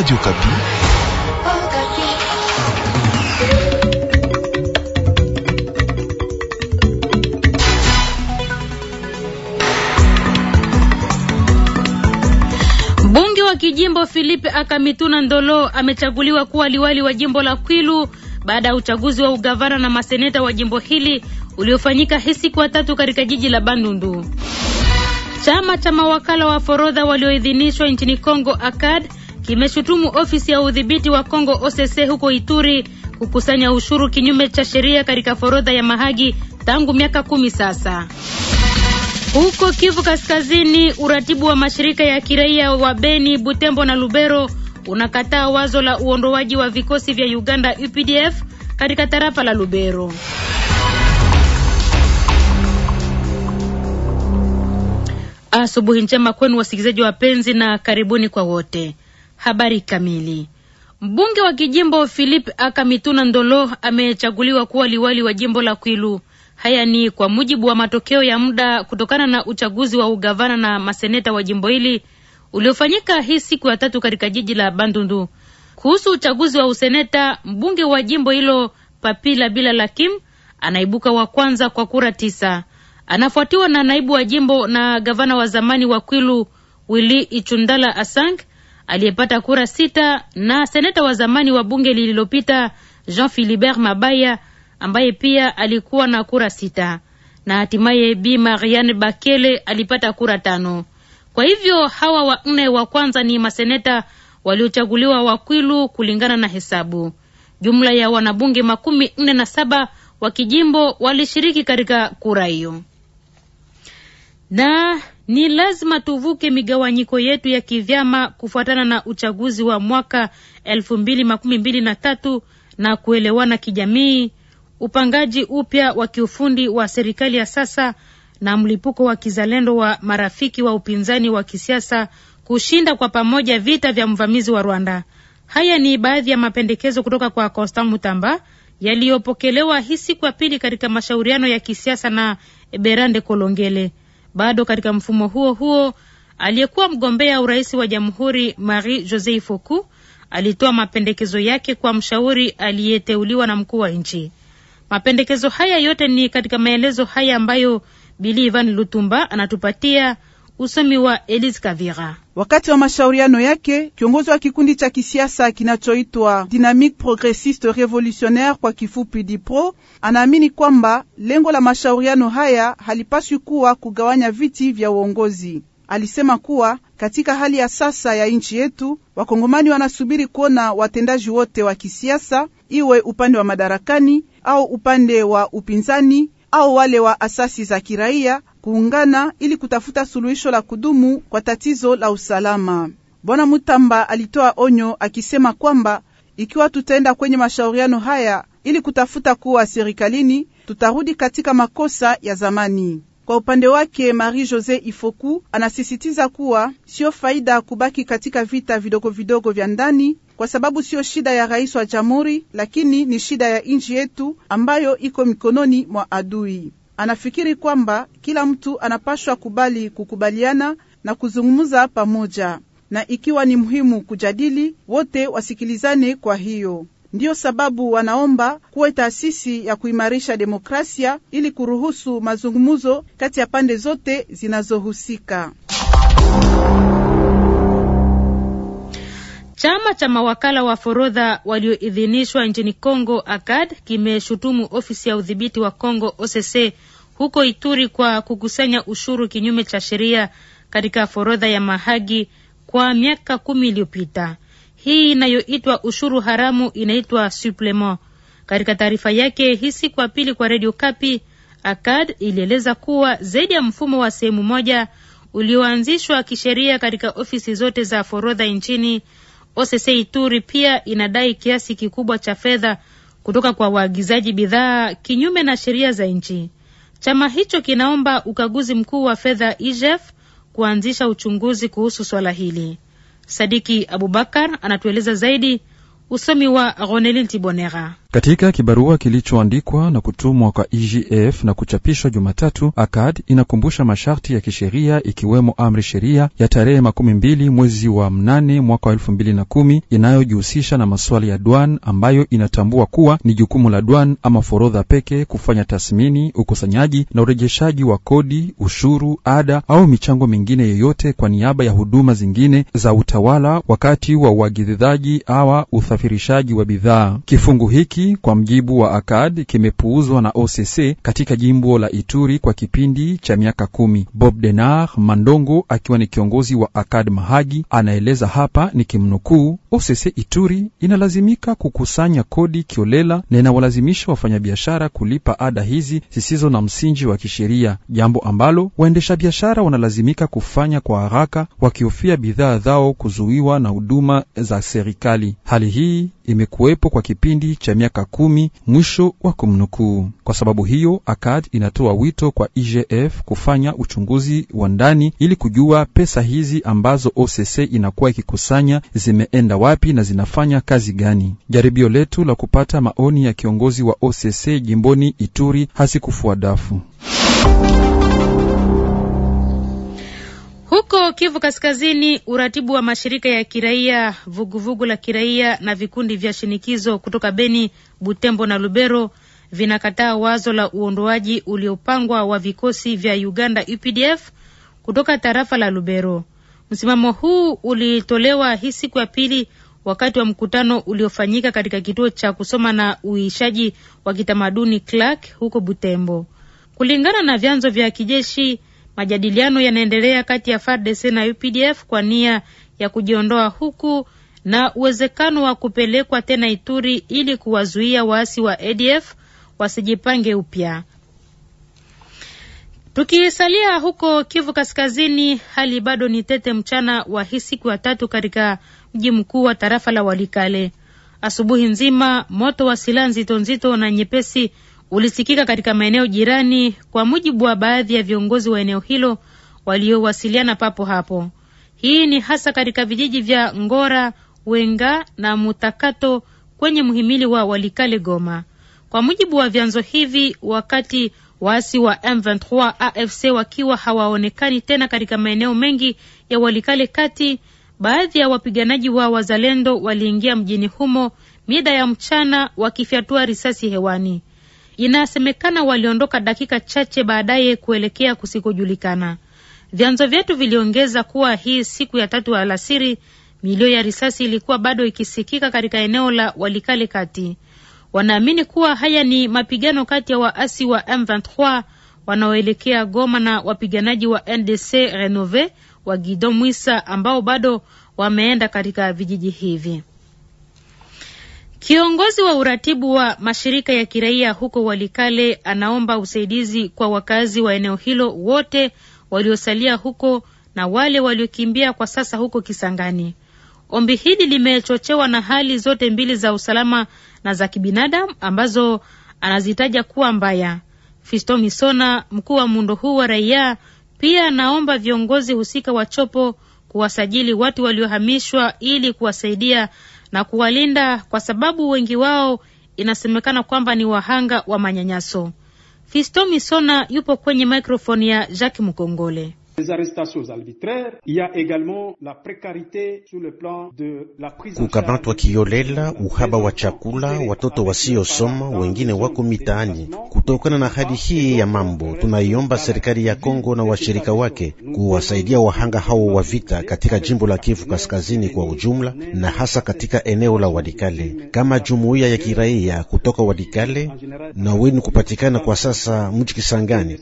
Radio Kapi. Mbunge wa kijimbo Philippe Akamituna Ndolo amechaguliwa kuwa liwali wa jimbo la Kwilu baada ya uchaguzi wa ugavana na maseneta wa jimbo hili uliofanyika hii siku ya tatu katika jiji la Bandundu. Chama cha mawakala wa forodha walioidhinishwa nchini Kongo, ACAD kimeshutumu ofisi ya udhibiti wa Kongo OCC huko Ituri kukusanya ushuru kinyume cha sheria katika forodha ya Mahagi tangu miaka kumi sasa. Huko Kivu Kaskazini, uratibu wa mashirika ya kiraia wa Beni, Butembo na Lubero unakataa wazo la uondoaji wa vikosi vya Uganda UPDF katika tarafa la Lubero. Asubuhi njema kwenu wasikilizaji wapenzi, na karibuni kwa wote. Habari kamili. Mbunge wa kijimbo Philip Akamituna Ndolo amechaguliwa kuwa liwali wa jimbo la Kwilu. Haya ni kwa mujibu wa matokeo ya muda kutokana na uchaguzi wa ugavana na maseneta wa jimbo hili uliofanyika hii siku ya tatu katika jiji la Bandundu. Kuhusu uchaguzi wa useneta, mbunge wa jimbo hilo Papila Bila Lakim anaibuka wa kwanza kwa kura tisa. Anafuatiwa na naibu wa jimbo na gavana wa zamani wa Kwilu Willy Ichundala Asang aliyepata kura sita na seneta wa zamani wa bunge lililopita Jean Philibert Mabaya ambaye pia alikuwa na kura sita na hatimaye Bi Marianne Bakele alipata kura tano. Kwa hivyo hawa wanne wa kwanza ni maseneta waliochaguliwa Wakwilu kulingana na hesabu. Jumla ya wanabunge makumi nne na saba wa kijimbo walishiriki katika kura hiyo na ni lazima tuvuke migawanyiko yetu ya kivyama kufuatana na uchaguzi wa mwaka elfu mbili makumi mbili na tatu na kuelewana kijamii, upangaji upya wa kiufundi wa serikali ya sasa na mlipuko wa kizalendo wa marafiki wa upinzani wa kisiasa kushinda kwa pamoja vita vya mvamizi wa Rwanda. Haya ni baadhi ya mapendekezo kutoka kwa costa Mutamba yaliyopokelewa hii siku ya pili katika mashauriano ya kisiasa na Berande Kolongele. Bado katika mfumo huo huo, aliyekuwa mgombea urais wa jamhuri Marie jose Foku alitoa mapendekezo yake kwa mshauri aliyeteuliwa na mkuu wa nchi. Mapendekezo haya yote ni katika maelezo haya ambayo Bili Ivan Lutumba anatupatia Usomi wa Elise Kavira. Wakati wa mashauriano yake, kiongozi wa kikundi cha kisiasa kinachoitwa Dynamique Progressiste Revolutionnaire kwa kifupi DIPRO, anaamini kwamba lengo la mashauriano haya halipaswi kuwa kugawanya viti vya uongozi. Alisema kuwa katika hali ya sasa ya nchi yetu, wakongomani wanasubiri kuona watendaji wote wa kisiasa, iwe upande wa madarakani au upande wa upinzani au wale wa asasi za kiraia kuungana ili kutafuta suluhisho la kudumu kwa tatizo la usalama. Bwana Mutamba alitoa onyo akisema kwamba ikiwa tutaenda kwenye mashauriano haya ili kutafuta kuwa serikalini, tutarudi katika makosa ya zamani. Kwa upande wake Marie Jose Ifoku anasisitiza kuwa sio faida kubaki katika vita vidogo vidogo vya ndani, kwa sababu siyo shida ya rais wa jamhuri, lakini ni shida ya nchi yetu ambayo iko mikononi mwa adui. Anafikiri kwamba kila mtu anapashwa kubali kukubaliana na kuzungumza pamoja, na ikiwa ni muhimu kujadili, wote wasikilizane. Kwa hiyo ndiyo sababu wanaomba kuwe taasisi ya kuimarisha demokrasia ili kuruhusu mazungumzo kati ya pande zote zinazohusika. Chama cha mawakala wa forodha walioidhinishwa nchini Congo ACAD kimeshutumu ofisi ya udhibiti wa Congo OCC huko Ituri kwa kukusanya ushuru kinyume cha sheria katika forodha ya Mahagi kwa miaka kumi iliyopita. Hii inayoitwa ushuru haramu inaitwa suplement. Katika taarifa yake hii siku ya pili kwa redio Kapi, ACAD ilieleza kuwa zaidi ya mfumo wa sehemu moja ulioanzishwa kisheria katika ofisi zote za forodha nchini OCC Ituri pia inadai kiasi kikubwa cha fedha kutoka kwa waagizaji bidhaa kinyume na sheria za nchi. Chama hicho kinaomba ukaguzi mkuu wa fedha IGF kuanzisha uchunguzi kuhusu swala hili. Sadiki Abubakar anatueleza zaidi, usomi wa Ronelin Tibonera. Katika kibarua kilichoandikwa na kutumwa kwa IGF e na kuchapishwa Jumatatu, akad inakumbusha masharti ya kisheria ikiwemo amri sheria ya tarehe makumi mbili mwezi wa mnane mwaka wa elfu mbili na kumi inayojihusisha na masuala ya dwan ambayo inatambua kuwa ni jukumu la dwan ama forodha pekee kufanya tathmini, ukusanyaji na urejeshaji wa kodi, ushuru, ada au michango mingine yoyote kwa niaba ya huduma zingine za utawala wakati wa uagizaji au usafirishaji wa bidhaa. Kifungu hiki hiki kwa mjibu wa ACAD kimepuuzwa na OCC katika jimbo la Ituri kwa kipindi cha miaka kumi. Bob Denard Mandongo akiwa ni kiongozi wa ACAD Mahagi anaeleza hapa ni kimnukuu OCC Ituri inalazimika kukusanya kodi kiolela na inawalazimisha wafanyabiashara kulipa ada hizi zisizo na msingi wa kisheria, jambo ambalo waendesha biashara wanalazimika kufanya kwa haraka wakihofia bidhaa zao kuzuiwa na huduma za serikali. Hali hii imekuwepo kwa kipindi cha miaka kumi, mwisho wa kumnukuu. Kwa sababu hiyo, akad inatoa wito kwa IGF kufanya uchunguzi wa ndani ili kujua pesa hizi ambazo OCC inakuwa ikikusanya zimeenda wapi na zinafanya kazi gani. Jaribio letu la kupata maoni ya kiongozi wa OCC jimboni Ituri hazikufua dafu. Huko Kivu Kaskazini, uratibu wa mashirika ya kiraia, vuguvugu la kiraia na vikundi vya shinikizo kutoka Beni, Butembo na Lubero vinakataa wazo la uondoaji uliopangwa wa vikosi vya Uganda UPDF kutoka tarafa la Lubero. Msimamo huu ulitolewa hii siku ya pili wakati wa mkutano uliofanyika katika kituo cha kusoma na uishaji wa kitamaduni Clark huko Butembo. Kulingana na vyanzo vya kijeshi, Majadiliano yanaendelea kati ya FARDC na UPDF kwa nia ya kujiondoa huku na uwezekano wa kupelekwa tena Ituri ili kuwazuia waasi wa ADF wasijipange upya. Tukisalia huko Kivu Kaskazini, hali bado ni tete mchana wa hii siku ya tatu katika mji mkuu wa tarafa la Walikale. Asubuhi nzima moto wa silaha nzito nzito na nyepesi ulisikika katika maeneo jirani, kwa mujibu wa baadhi ya viongozi wa eneo hilo waliowasiliana papo hapo. Hii ni hasa katika vijiji vya Ngora, Wenga na Mutakato kwenye mhimili wa Walikale Goma. Kwa mujibu wa vyanzo hivi, wakati waasi wa M23 AFC wakiwa hawaonekani tena katika maeneo mengi ya Walikale Kati, baadhi ya wapiganaji wa wazalendo waliingia mjini humo mida ya mchana wakifyatua risasi hewani. Inasemekana waliondoka dakika chache baadaye kuelekea kusikojulikana. Vyanzo vyetu viliongeza kuwa hii siku ya tatu alasiri, milio ya risasi ilikuwa bado ikisikika katika eneo la Walikale kati. Wanaamini kuwa haya ni mapigano kati ya waasi wa M23 wanaoelekea Goma na wapiganaji wa NDC Renove wa Gido Mwisa ambao bado wameenda katika vijiji hivi. Kiongozi wa uratibu wa mashirika ya kiraia huko Walikale anaomba usaidizi kwa wakazi wa eneo hilo wote waliosalia huko na wale waliokimbia kwa sasa huko Kisangani. Ombi hili limechochewa na hali zote mbili za usalama na za kibinadamu ambazo anazitaja kuwa mbaya. Fisto Misona, mkuu wa muundo huu wa raia, pia anaomba viongozi husika wa Chopo kuwasajili watu waliohamishwa ili kuwasaidia na kuwalinda kwa sababu wengi wao inasemekana kwamba ni wahanga wa manyanyaso. Fisto Misona yupo kwenye mikrofoni ya Jacques mkongole des arrestations arbitraires. Il y a également la précarité sur le plan de la prise kukamatwa kiolela, uhaba wa chakula, watoto wasiosoma, wengine wako mitaani. Kutokana na hali hii ya mambo, tunaiomba serikali ya Kongo na washirika wake kuwasaidia wahanga hao wa vita katika jimbo la Kivu Kaskazini kwa ujumla na hasa katika eneo la Walikale, kama jumuiya ya kiraia kutoka Walikale na wenu kupatikana kwa sasa mji Kisangani.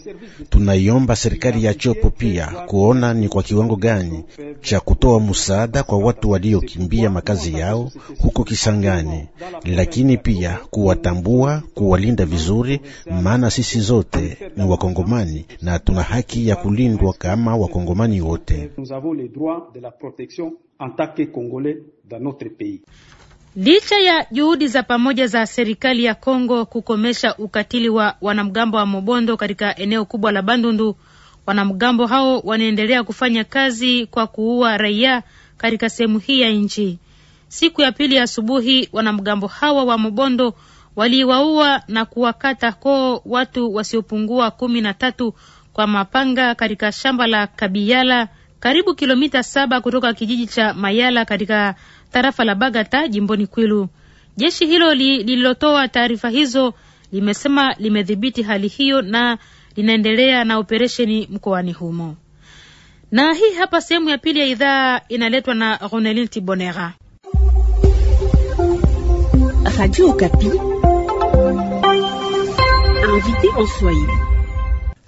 Tunaiomba serikali ya Chopo pia kuona ni kwa kiwango gani cha kutoa msaada kwa watu waliokimbia makazi yao huko Kisangani, lakini pia kuwatambua, kuwalinda vizuri, maana sisi zote ni Wakongomani na tuna haki ya kulindwa kama Wakongomani wote. Licha ya juhudi za pamoja za serikali ya Kongo kukomesha ukatili wa wanamgambo wa Mobondo katika eneo kubwa la Bandundu, Wanamgambo hao wanaendelea kufanya kazi kwa kuua raia katika sehemu hii ya nchi. Siku ya pili asubuhi, wanamgambo hawa wa Mobondo waliwaua na kuwakata koo watu wasiopungua kumi na tatu kwa mapanga katika shamba la Kabiyala, karibu kilomita saba kutoka kijiji cha Mayala katika tarafa la Bagata jimboni Kwilu. Jeshi hilo lililotoa taarifa hizo limesema limedhibiti hali hiyo na linaendelea na operesheni mkoani humo. Na hii hapa sehemu ya pili ya idhaa inaletwa na Ronelin Tibonera. Radio Okapi. Invité en Swahili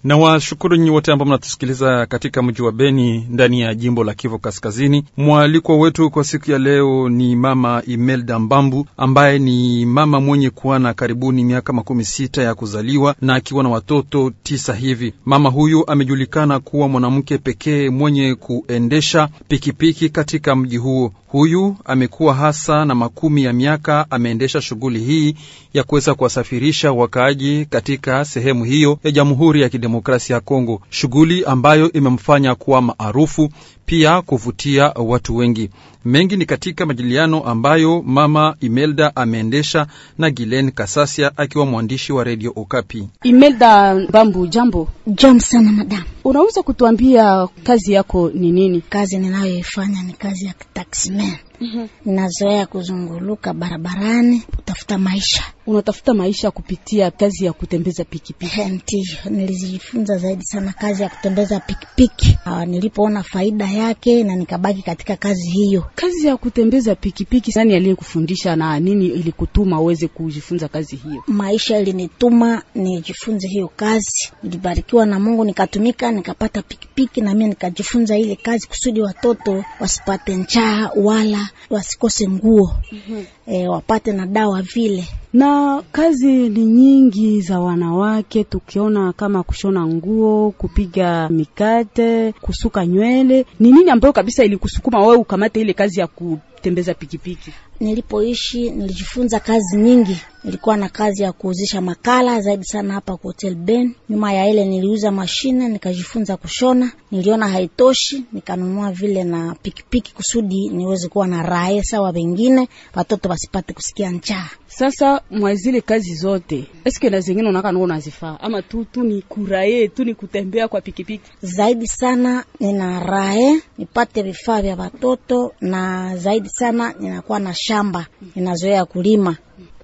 na washukuru nyinyi wote ambao mnatusikiliza katika mji wa Beni ndani ya jimbo la Kivu Kaskazini. Mwalikwa wetu kwa siku ya leo ni Mama Imelda Mbambu ambaye ni mama mwenye kuwa na karibuni miaka makumi sita ya kuzaliwa na akiwa na watoto tisa hivi. Mama huyu amejulikana kuwa mwanamke pekee mwenye kuendesha pikipiki katika mji huo. Huyu amekuwa hasa na makumi ya miaka ameendesha shughuli hii ya kuweza kuwasafirisha wakaaji katika sehemu hiyo ya Jamhuri ya Kidemokrasia Kidemokrasia ya Kongo, shughuli ambayo imemfanya kuwa maarufu pia kuvutia watu wengi. Mengi ni katika majiliano ambayo mama Imelda ameendesha na Gilen Kasasia akiwa mwandishi wa redio Okapi. Imelda Bambu, jambo. Jambo sana madamu. Unaweza kutuambia kazi yako ni nini? Kazi ninayoifanya ni kazi ya taximan. Mm -hmm. Nazoea kuzunguluka barabarani kutafuta maisha unatafuta maisha kupitia kazi ya kutembeza pikipiki? Eh, ndio, nilijifunza zaidi sana kazi ya kutembeza pikipiki ah, nilipoona faida yake na nikabaki katika kazi hiyo. Kazi ya kutembeza pikipiki, nani aliyekufundisha na nini ilikutuma uweze kujifunza kazi hiyo? Maisha ilinituma nijifunze hiyo kazi, nilibarikiwa na Mungu nikatumika, nikapata pikipiki na mimi nikajifunza ile kazi kusudi watoto wasipate njaa wala wasikose nguo, mm -hmm. E, wapate na dawa vile na kazi ni nyingi za wanawake, tukiona kama kushona nguo, kupiga mikate, kusuka nywele. Ni nini ambayo kabisa ilikusukuma wewe ukamate ile kazi ya ku kutembeza pikipiki. Nilipoishi nilijifunza kazi nyingi. Nilikuwa na kazi ya kuuzisha makala zaidi sana hapa kwa Hotel Ben. Nyuma ya ile niliuza mashine, nikajifunza kushona. Niliona haitoshi, nikanunua vile na pikipiki kusudi niweze kuwa na raha sawa wengine, watoto wasipate kusikia njaa. Sasa mwa zile kazi zote, eske na zingine unaka nuko nazifaa ama tu tu ni kuraye tu ni kutembea kwa pikipiki? Zaidi sana nina rae nipate vifaa vya watoto na zaidi sana ninakuwa na shamba, ninazoea kulima.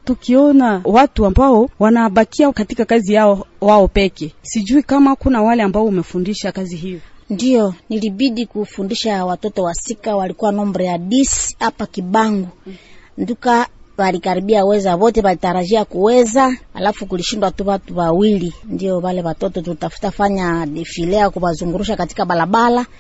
Tukiona watu ambao wanabakia katika kazi yao wao peke, sijui kama kuna wale ambao umefundisha kazi hiyo. ndio nilibidi kufundisha watoto wasika, walikuwa nombre ya disi hapa Kibangu, nduka walikaribia weza wote walitarajia kuweza, alafu kulishindwa tu watu wawili, ndio wale watoto tutafuta fanya defile ya kuwazungurusha katika barabara.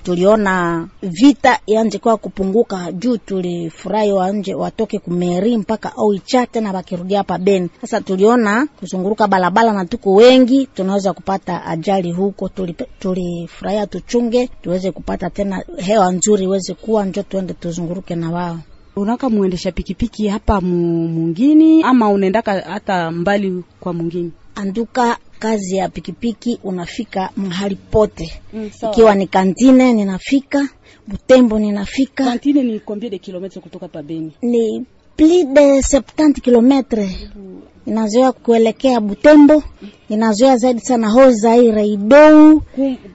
Tuliona vita yanje kwa kupunguka juu, tulifurahi wanje watoke kumeri mpaka au ichate na wakirudia hapa Beni. Sasa tuliona kuzunguruka barabara na tuko wengi, tunaweza kupata ajali huko. Tulifurahia tuchunge, tuweze kupata tena hewa nzuri, iweze kuwa njo tuende tuzunguruke na wao unaka muendesha pikipiki hapa mungini ama unaendaka hata mbali kwa mungini? Anduka kazi ya pikipiki unafika mahali pote. Mm, so, ikiwa ni kantine ninafika Butembo ninafika. Kantine ni combien de kilometre kutoka pabeni Ni plus de 70 kilometre. Mm. Inazoea kuelekea Butembo, mm. inazoea zaidi sana ho Zaire Idou.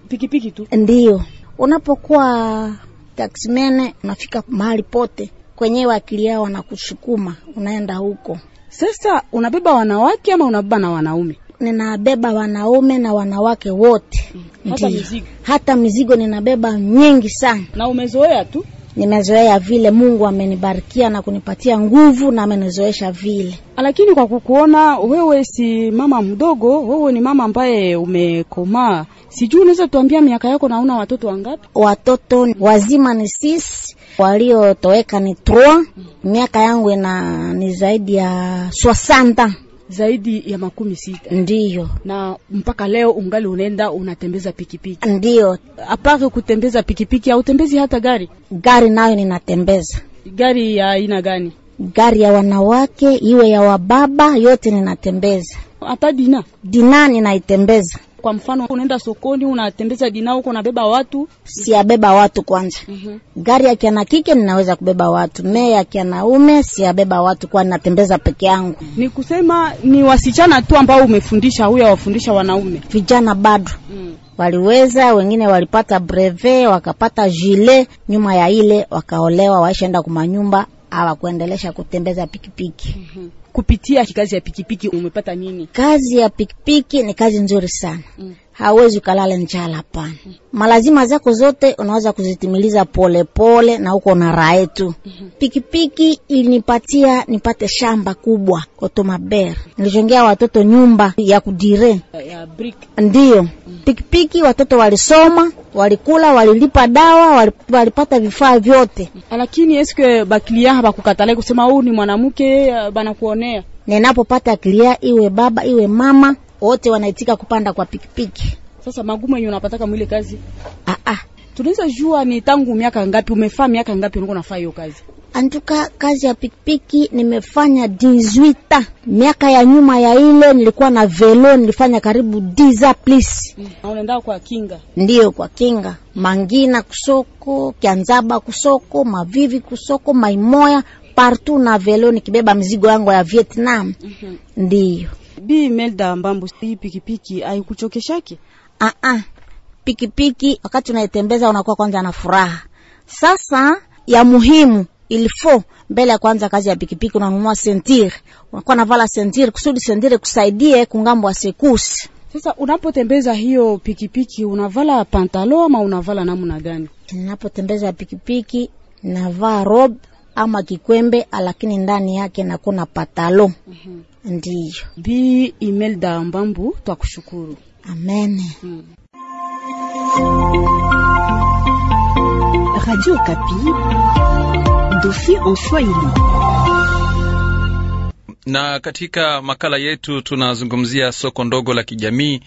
Pikipiki tu. Ndio. Unapokuwa taximene unafika mahali pote kwenyewe akili yao wanakusukuma unaenda huko. Sasa unabeba wanawake ama unabeba na wanaume? Ninabeba wanaume na wanawake wote. Hmm. Hata mizigo, hata mizigo ninabeba nyingi sana. Na umezoea tu? Nimezoea vile, Mungu amenibarikia na kunipatia nguvu na amenizoesha vile. Lakini kwa kukuona wewe si mama mdogo, wewe ni mama ambaye umekomaa. Sijui unaweza tuambia miaka yako na una watoto wangapi? Watoto wazima ni sisi waliotoweka ni trois. Mm. Miaka yangu ina ni zaidi ya swasanta zaidi ya makumi sita ndiyo, na mpaka leo ungali unaenda unatembeza pikipiki? Ndiyo. Apare kutembeza pikipiki, autembezi hata gari? Gari nayo ninatembeza. Gari ya aina gani? Gari ya wanawake iwe ya wababa, yote ninatembeza. Hata dina dina ninaitembeza. Kwa mfano unaenda sokoni, unatembeza dinao huko, unabeba watu, siabeba watu kwanza. mm -hmm. Gari ya kiana kike ninaweza kubeba watu, me ya kianaume siabeba watu, kwa natembeza peke yangu. Ni kusema ni wasichana tu ambao umefundisha, huyo wafundisha wanaume, vijana bado mm waliweza wengine walipata breve wakapata jile, nyuma ya ile wakaolewa, waishaenda kumanyumba hawakuendelesha kutembeza pikipiki Mm -hmm. Kupitia kazi ya pikipiki umepata nini? Kazi ya pikipiki ni kazi nzuri sana mm hawezi ukalala njala, pana Malazima zako zote unaweza kuzitimiliza polepole pole, na huko na rae tu. Pikipiki ilinipatia nipate shamba kubwa Otomaber, nilijongea watoto nyumba ya kudire ya brick. Ndiyo pikipiki, watoto walisoma, walikula, walilipa dawa, walipata vifaa vyote. Lakini eske bakilia habakukatala kusema huu ni mwanamke, banakuonea. Ninapopata kilia, iwe baba iwe mama wote wanaitika kupanda kwa pikipiki. Sasa magumu yenye unapataka mwile kazi ah, ah. Tunaweza jua ni tangu miaka ngapi umefaa, miaka ngapi unakuwa nafaa hiyo kazi? Antuka kazi ya pikipiki nimefanya 18 miaka ya nyuma ya ile nilikuwa na velo, nilifanya karibu 10 plus. Mm. Unaenda kwa kinga? Ndio, kwa kinga Mangina kusoko, Kianzaba kusoko, Mavivi kusoko, Maimoya partout na velo nikibeba mzigo yangu ya Vietnam. mm -hmm. Ndio. Bi Melda mbambu hii pikipiki haikuchokeshake? Ah ah. Pikipiki wakati unaitembeza unakuwa kwanza na furaha. Sasa ya muhimu ilifo mbele ya kwanza kazi ya pikipiki unanunua sentir Unakuwa navala sentir kusudi sentir kusaidie kungambo wa sekusi. Sasa unapotembeza hiyo pikipiki unavala pantalo ama unavala namna gani? Ninapotembeza pikipiki navaa robe ama kikwembe, lakini ndani yake nakuna patalo. mm -hmm. Ndiyo Bi Imelda Mbambu, twakushukuru. Amen. mm. Radio Kapi, dofi en Swahili na katika makala yetu tunazungumzia soko ndogo la kijamii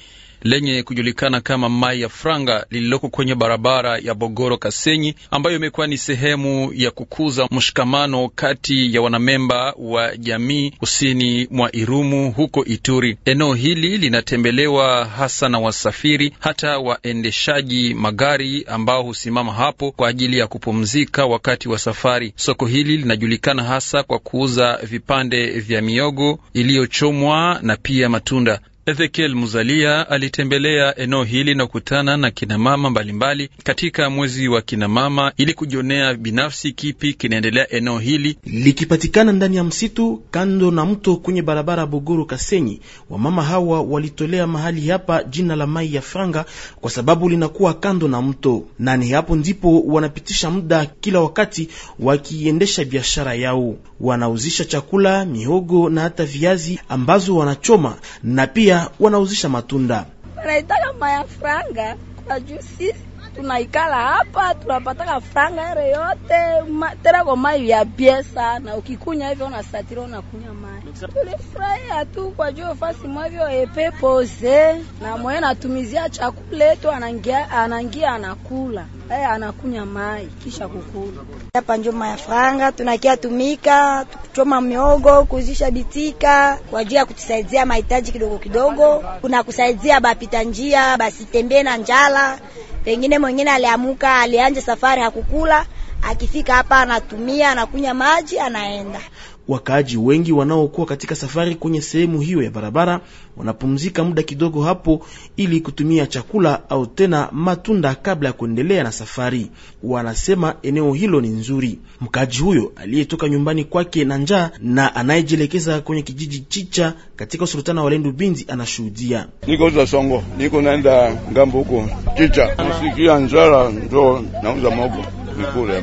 lenye kujulikana kama Mai ya Franga lililoko kwenye barabara ya Bogoro Kasenyi, ambayo imekuwa ni sehemu ya kukuza mshikamano kati ya wanamemba wa jamii kusini mwa Irumu huko Ituri. Eneo hili linatembelewa hasa na wasafiri, hata waendeshaji magari ambao husimama hapo kwa ajili ya kupumzika wakati wa safari. Soko hili linajulikana hasa kwa kuuza vipande vya miogo iliyochomwa na pia matunda. Ezekiel Muzalia alitembelea eneo hili na kukutana na kinamama mbalimbali katika mwezi wa kinamama ili kujionea binafsi kipi kinaendelea eneo hili likipatikana ndani ya msitu kando na mto kwenye barabara Bogoro Kasenyi. Wamama hawa walitolea mahali hapa jina la Mai ya Franga kwa sababu linakuwa kando na mto, na ni hapo ndipo wanapitisha muda kila wakati wakiendesha biashara yao. Wanauzisha chakula, mihogo na hata viazi ambazo wanachoma na pia pia wanauzisha matunda. Wanaitaka maya franga kwa juu sisi tunaikala hapa tunapataka franga ile yote ma, tena kwa mai ya bie sana, ukikunya hivyo unasatiri unakunya mai. Tulifurahia tu kwa juu fasi mwavyo epe pose na mwe natumizia chakula yetu, anangia anangia anakula eh, anakunya mai kisha kukula hapa. Njoma ya franga tunakia tumika tukichoma miogo kuzisha bitika kwa ajili ya kutusaidia mahitaji kidogo kidogo, kuna kusaidia bapita njia basi tembee na njala Pengine mwingine aliamuka, alianja safari, hakukula, akifika hapa anatumia, anakunya maji, anaenda. Wakaaji wengi wanaokuwa katika safari kwenye sehemu hiyo ya barabara wanapumzika muda kidogo hapo ili kutumia chakula au tena matunda kabla ya kuendelea na safari. Wanasema eneo hilo ni nzuri. Mkaaji huyo aliyetoka nyumbani kwake na njaa na anayejielekeza kwenye kijiji Chicha katika usultana wa Lendu Binzi anashuhudia. Niko za Songo, niko naenda ngambo huko Chicha, nasikia njara, ndo nauza mogo nikule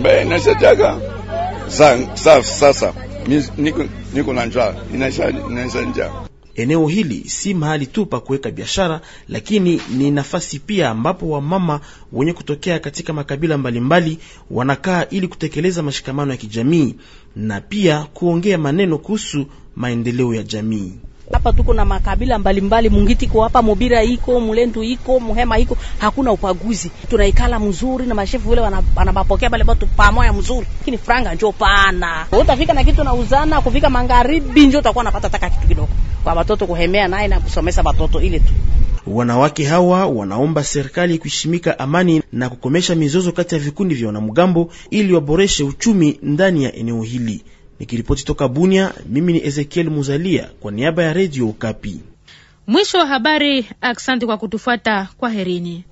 mbe nasetaka safi. Sasa niko, niko na njaa, inaisha njaa. Eneo hili si mahali tu pa kuweka biashara, lakini ni nafasi pia ambapo wamama wenye kutokea katika makabila mbalimbali wanakaa ili kutekeleza mashikamano ya kijamii na pia kuongea maneno kuhusu maendeleo ya jamii. Hapa tuko na makabila mbalimbali, Mungiti kwa hapa, Mubira iko, Mulendu iko, Muhema iko, hakuna upaguzi. Tunaikala mzuri na mashefu wale wanabapokea pale watu pamoja mzuri. Lakini franga njoo pana. Utafika na kitu uzana kufika magharibi njoo utakuwa unapata taka kitu kidogo. Kwa watoto kuhemea naye na kusomesa watoto ile tu. Wanawake hawa wanaomba serikali kuheshimika amani na kukomesha mizozo kati ya vikundi vya wanamgambo ili waboreshe uchumi ndani ya eneo hili. Nikiripoti toka Bunia, mimi ni Ezekiel Muzalia kwa niaba ya Redio ukapi Mwisho wa habari. Asante kwa kutufuata. Kwaherini.